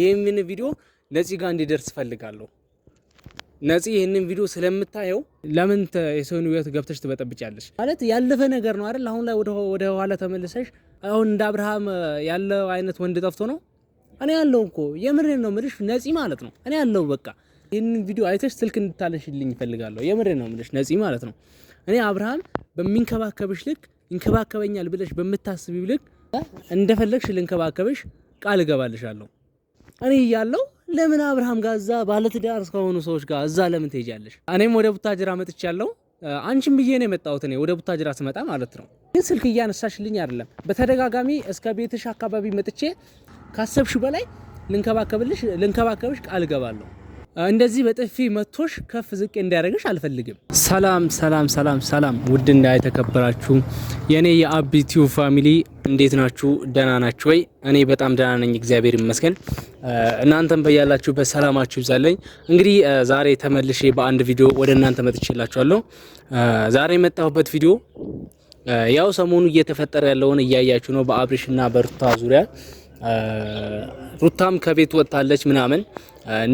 ይህንን ቪዲዮ ነፂ ጋር እንዲደርስ ፈልጋለሁ። ነፂ ይህንን ቪዲዮ ስለምታየው ለምን የሰውን ሕይወት ገብተሽ ትበጠብጫለሽ? ማለት ያለፈ ነገር ነው አይደል? አሁን ላይ ወደ ኋላ ተመልሰሽ አሁን እንደ አብርሃም ያለው አይነት ወንድ ጠፍቶ ነው? እኔ ያለው እኮ የምሬን ነው የምልሽ ነፂ ማለት ነው። እኔ ያለው በቃ ይህንን ቪዲዮ አይተሽ ስልክ እንድታለሽልኝ እፈልጋለሁ። የምሬን ነው የምልሽ ነፂ ማለት ነው። እኔ አብርሃም በሚንከባከብሽ ልክ ይንከባከበኛል ብለሽ በምታስቢው ልክ እንደፈለግሽ ልንከባከብሽ ቃል እገባልሻለሁ። እኔ እያለው ለምን አብርሃም ጋር እዛ ባለትዳር ከሆኑ ሰዎች ጋር እዛ ለምን ትሄጃለሽ? እኔም ወደ ቡታጅራ መጥቻለሁ። አንቺም ብዬ ነው የመጣሁት። እኔ ወደ ቡታጅራ ስመጣ ማለት ነው። ግን ስልክ እያነሳሽልኝ አይደለም። በተደጋጋሚ እስከ ቤትሽ አካባቢ መጥቼ ካሰብሽ በላይ ልንከባከብልሽ ልንከባከብሽ ቃል እገባለሁ። እንደዚህ በጥፊ መቶሽ ከፍ ዝቅ እንዲያደርግሽ አልፈልግም። ሰላም ሰላም ሰላም ሰላም! ውድ ውድና የተከበራችሁ የእኔ የአቢቲዩ ፋሚሊ እንዴት ናችሁ? ደህና ናችሁ ወይ? እኔ በጣም ደህና ነኝ፣ እግዚአብሔር ይመስገን። እናንተም በያላችሁበት ሰላማችሁ ይብዛለኝ። እንግዲህ ዛሬ ተመልሼ በአንድ ቪዲዮ ወደ እናንተ መጥቼላችኋለሁ። ዛሬ የመጣሁበት ቪዲዮ ያው ሰሞኑ እየተፈጠረ ያለውን እያያችሁ ነው፣ በአብርሽና በሩታ ዙሪያ ሩታም ከቤት ወጥታለች ምናምን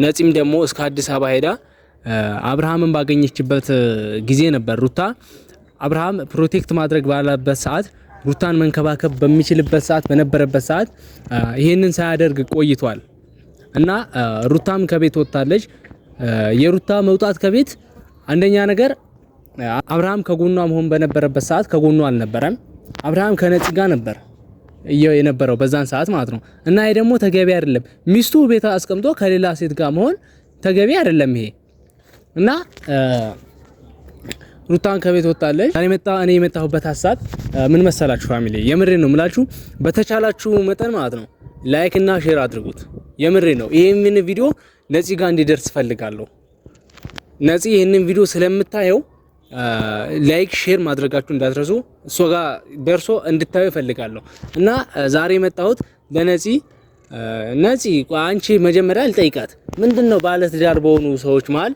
ነፂም ደግሞ እስከ አዲስ አበባ ሄዳ አብርሃምን ባገኘችበት ጊዜ ነበር ሩታ አብርሃም ፕሮቴክት ማድረግ ባለበት ሰዓት ሩታን መንከባከብ በሚችልበት ሰዓት በነበረበት ሰዓት ይህንን ሳያደርግ ቆይቷል እና ሩታም ከቤት ወጥታለች። የሩታ መውጣት ከቤት አንደኛ ነገር አብርሃም ከጎኗ መሆን በነበረበት ሰዓት ከጎኗ አልነበረም። አብርሃም ከነፂ ጋር ነበር። የነበረው በዛን ሰዓት ማለት ነው። እና ይሄ ደግሞ ተገቢ አይደለም። ሚስቱ ቤት አስቀምጦ ከሌላ ሴት ጋር መሆን ተገቢ አይደለም ይሄ እና ሩታን ከቤት ወጣለች። እኔ መጣ እኔ የመጣሁበት ሀሳብ ምን መሰላችሁ ፋሚሊ፣ የምሬ ነው ምላችሁ፣ በተቻላችሁ መጠን ማለት ነው ላይክ እና ሼር አድርጉት። የምሬ ነው። ይህንን ቪዲዮ ነፂ ጋር እንዲደርስ ፈልጋለሁ። ነፂ ይህንን ቪዲዮ ስለምታየው ላይክ ሼር ማድረጋችሁ እንዳትረሱ። እሷ ጋር ደርሶ እንድታዩ እፈልጋለሁ እና ዛሬ የመጣሁት ለነፂ ነፂ አንቺ መጀመሪያ ልጠይቃት፣ ምንድን ነው ባለትዳር በሆኑ ሰዎች መሀል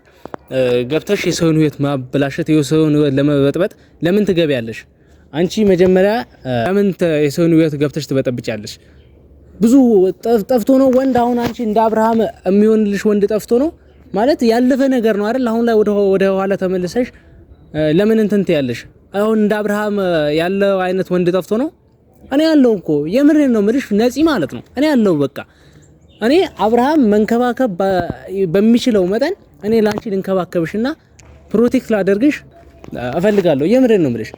ገብተሽ የሰውን ህይወት ማበላሸት የሰውን ህይወት ለመበጥበጥ ለምን ትገቢያለሽ? አንቺ መጀመሪያ ለምን የሰውን ህይወት ገብተሽ ትበጠብጫለሽ? ብዙ ጠፍቶ ነው ወንድ። አሁን አንቺ እንደ አብርሃም የሚሆንልሽ ወንድ ጠፍቶ ነው ማለት ያለፈ ነገር ነው አይደል? አሁን ላይ ወደ ኋላ ተመልሰሽ ለምን እንትንት ያለሽ አሁን እንደ አብርሃም ያለው አይነት ወንድ ጠፍቶ ነው? እኔ ያለው እኮ የምሬን ነው ምልሽ ነፂ ማለት ነው። እኔ ያለው በቃ እኔ አብርሃም መንከባከብ በሚችለው መጠን እኔ ላንቺ ልንከባከብሽና ፕሮቴክት ላደርግሽ እፈልጋለሁ። የምሬን ነው ምልሽ።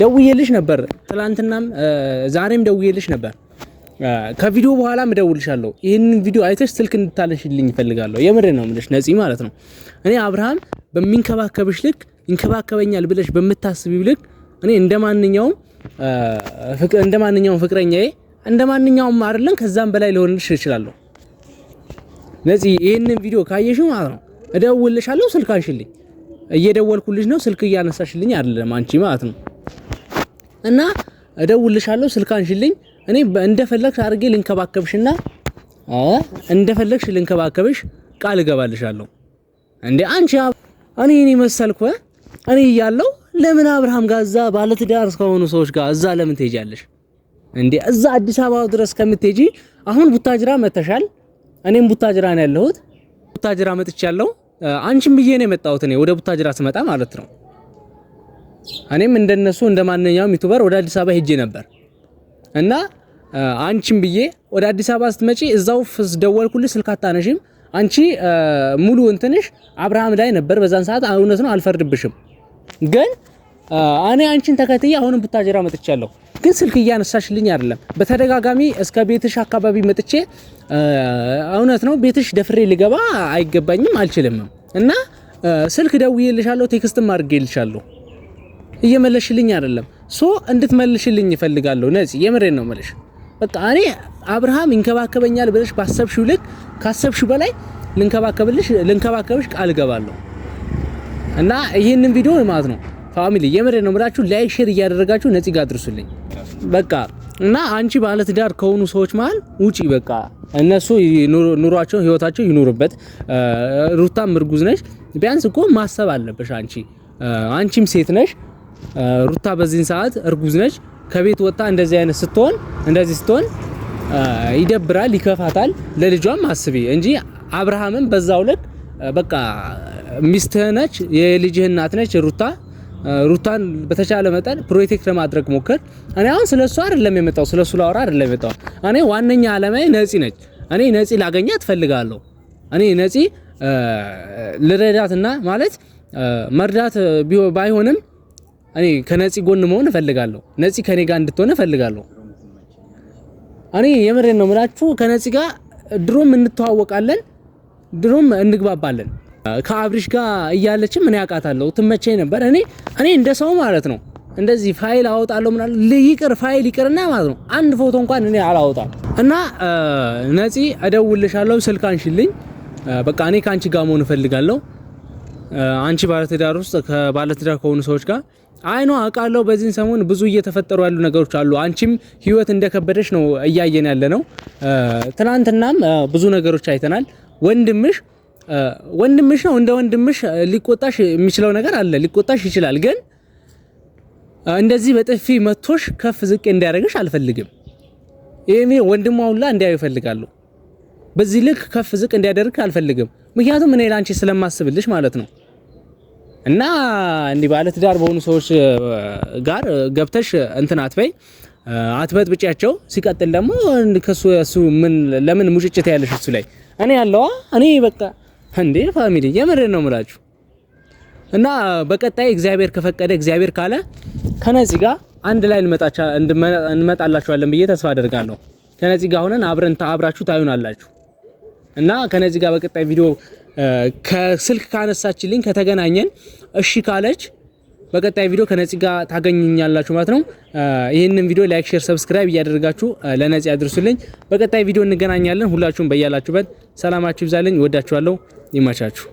ደውዬልሽ ነበር ትላንትናም ዛሬም ደውዬልሽ ነበር። ከቪዲዮ በኋላም እደውልሻለሁ። ይህንን ቪዲዮ አይተሽ ስልክ እንድታለሽልኝ እፈልጋለሁ። የምሬን ነው ምልሽ ነፂ ማለት ነው። እኔ አብርሃም በሚንከባከብሽ ልክ ይንከባከበኛል ብለሽ በምታስብ ይልቅ እኔ እንደማንኛውም ፍቅር እንደማንኛውም ፍቅረኛዬ እንደማንኛውም አይደለም ከዛም በላይ ልሆንልሽ እችላለሁ። ስለዚህ ይህንን ቪዲዮ ካየሽ ማለት ነው እደውልልሻለሁ፣ ስልክ አንሽልኝ። እየደወልኩልሽ ነው፣ ስልክ እያነሳሽልኝ አይደለም አንቺ ማለት ነው። እና እደውልልሻለሁ፣ ስልክ አንሽልኝ። እኔ እንደፈለግሽ አድርጌ ልንከባከብሽና እንደፈለግሽ ልንከባከብሽ ቃል እገባልሻለሁ። እንዴ አንቺ እኔ እኔ መሰልኩ እኔ እያለሁ ለምን አብርሃም ጋር እዛ ባለትዳር ከሆኑ ሰዎች ጋር እዛ ለምን ትሄጃለሽ እንዴ? እዛ አዲስ አበባ ድረስ ከምትሄጂ አሁን ቡታጅራ መተሻል። እኔም ቡታጅራ ነው ያለሁት። ቡታጅራ መጥቻለሁ። አንቺም ብዬ ነው የመጣሁት። እኔ ወደ ቡታጅራ ስመጣ ማለት ነው። እኔም እንደነሱ እንደማንኛውም ዩቲዩበር ወደ አዲስ አበባ ሄጄ ነበር እና አንቺም ብዬ ወደ አዲስ አበባ ስትመጪ እዛው ፍስ ስልክ አታነሺም። አንቺ ሙሉ እንትንሽ አብርሃም ላይ ነበር በዛን ሰዓት። እውነት ነው፣ አልፈርድብሽም ግን እኔ አንቺን ተከትዬ አሁንም ቡታጀራ መጥቻለሁ። ግን ስልክ እያነሳሽልኝ አይደለም። በተደጋጋሚ እስከ ቤትሽ አካባቢ መጥቼ እውነት ነው ቤትሽ ደፍሬ ልገባ አይገባኝም አልችልም። እና ስልክ ደውዬልሻለሁ፣ ቴክስትም አድርጌልሻለሁ እየመለሽልኝ አይደለም። ሶ እንድትመልሽልኝ ይፈልጋለሁ። ነጽ የምሬን ነው መልሽ። በቃ እኔ አብርሃም ይንከባከበኛል ብለሽ ባሰብሽው ልክ ካሰብሽው በላይ ልንከባከብልሽ ልንከባከብሽ ቃል እገባለሁ። እና ይህንን ቪዲዮ ማለት ነው ፋሚሊ የመደ ነው ብላችሁ ላይክ፣ ሼር እያደረጋችሁ ነፂ ጋር አድርሱልኝ። በቃ እና አንቺ ባለ ትዳር ከሆኑ ሰዎች መሀል ውጪ። በቃ እነሱ ኑሯቸው ህይወታቸው ይኖርበት ሩታም እርጉዝ ነሽ፣ ቢያንስ እኮ ማሰብ አለበሽ አንቺ። አንቺም ሴት ነሽ። ሩታ በዚህን ሰዓት እርጉዝ ነች። ከቤት ወጣ እንደዚህ አይነት ስትሆን እንደዚህ ስትሆን ይደብራል፣ ይከፋታል። ለልጇም አስቢ እንጂ አብርሃምን በዛው ልክ በቃ ሚስትህ ነች፣ የልጅህ እናት ነች ሩታ። ሩታን በተቻለ መጠን ፕሮቴክት ለማድረግ ሞከር እኔ አሁን ስለሱ አይደለም የመጣው ስለሱ ላወራ አይደለም የመጣው። እኔ ዋነኛ ዓላማዬ ነፂ ነች። እኔ ነፂ ላገኛት እፈልጋለሁ። እኔ ነፂ ልረዳትና ማለት መርዳት ባይሆንም እኔ ከነፂ ጎን መሆን እፈልጋለሁ። ነፂ ከኔ ጋር እንድትሆን እፈልጋለሁ። እኔ የምሬን ነው የምላችሁ። ከነፂ ጋር ድሮም እንተዋወቃለን፣ ድሮም እንግባባለን። ከአብሪሽ ጋር እያለች እኔ አውቃታለሁ ትመቼ ነበር። እኔ እኔ እንደ ሰው ማለት ነው እንደዚህ ፋይል አወጣለሁ ምናምን ይቅር ፋይል ይቅርና ማለት ነው አንድ ፎቶ እንኳን እኔ አላወጣም። እና ነፂ እደውልሻለሁ፣ ስልክ አንሺልኝ፣ በቃ እኔ ከአንቺ ጋር መሆን እፈልጋለሁ። አንቺ ባለትዳር ውስጥ ከባለትዳር ከሆኑ ሰዎች ጋር አይኖ አውቃለሁ። በዚህን ሰሞን ብዙ እየተፈጠሩ ያሉ ነገሮች አሉ። አንቺም ህይወት እንደከበደች ነው እያየን ያለ ነው። ትናንትናም ብዙ ነገሮች አይተናል። ወንድምሽ ወንድምሽ ነው። እንደ ወንድምሽ ሊቆጣሽ የሚችለው ነገር አለ፣ ሊቆጣሽ ይችላል። ግን እንደዚህ በጥፊ መቶሽ ከፍ ዝቅ እንዲያደርግሽ አልፈልግም። ይሄኔ ወንድሟ ሁላ እንዲያዩ ይፈልጋሉ። በዚህ ልክ ከፍ ዝቅ እንዲያደርግ አልፈልግም። ምክንያቱም እኔ ላንቺ ስለማስብልሽ ማለት ነው። እና እንዲህ ባለ ትዳር በሆኑ ሰዎች ጋር ገብተሽ እንትን አትበይ፣ አትበጥ ብጫቸው። ሲቀጥል ደግሞ ከሱ ምን ለምን ሙጭጭት ያለሽ እሱ ላይ እኔ ያለዋ እኔ በቃ እንዴ ፋሚሊ የምሬን ነው ምላችሁ እና በቀጣይ እግዚአብሔር ከፈቀደ እግዚአብሔር ካለ ከነዚህ ጋር አንድ ላይ እንመጣላችኋለን ብዬ ተስፋ አደርጋለሁ። ከነዚህ ጋር ሆነን አብረን አብራችሁ ታዩናላችሁ። እና ከነዚህ ጋር በቀጣይ ቪዲዮ ከስልክ ካነሳችልኝ ከተገናኘን እሺ ካለች በቀጣይ ቪዲዮ ከነፂ ጋር ታገኙኛላችሁ ማለት ነው። ይህንን ቪዲዮ ላይክ፣ ሼር፣ ሰብስክራይብ እያደረጋችሁ ለነፂ አድርሱልኝ። በቀጣይ ቪዲዮ እንገናኛለን። ሁላችሁም በያላችሁበት ሰላማችሁ ይብዛልኝ። ወዳችኋለሁ። ይመቻችሁ።